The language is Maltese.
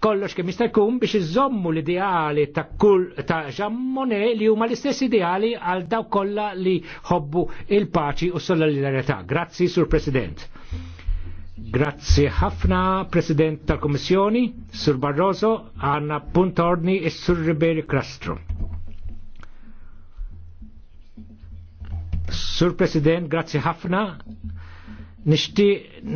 kollox kem jistajkun biex iżommu l-ideali ta' kull ta' ġammone li huma l-istess ideali għal daw kollha li ħobbu il-paċi u solidarjetà. Grazzi, Sur President. Grazzi ħafna, President tal-Kommissjoni, Sur Barroso, għanna punt ordni sur Riberi Krastro. Sur President, grazzi ħafna. Nishti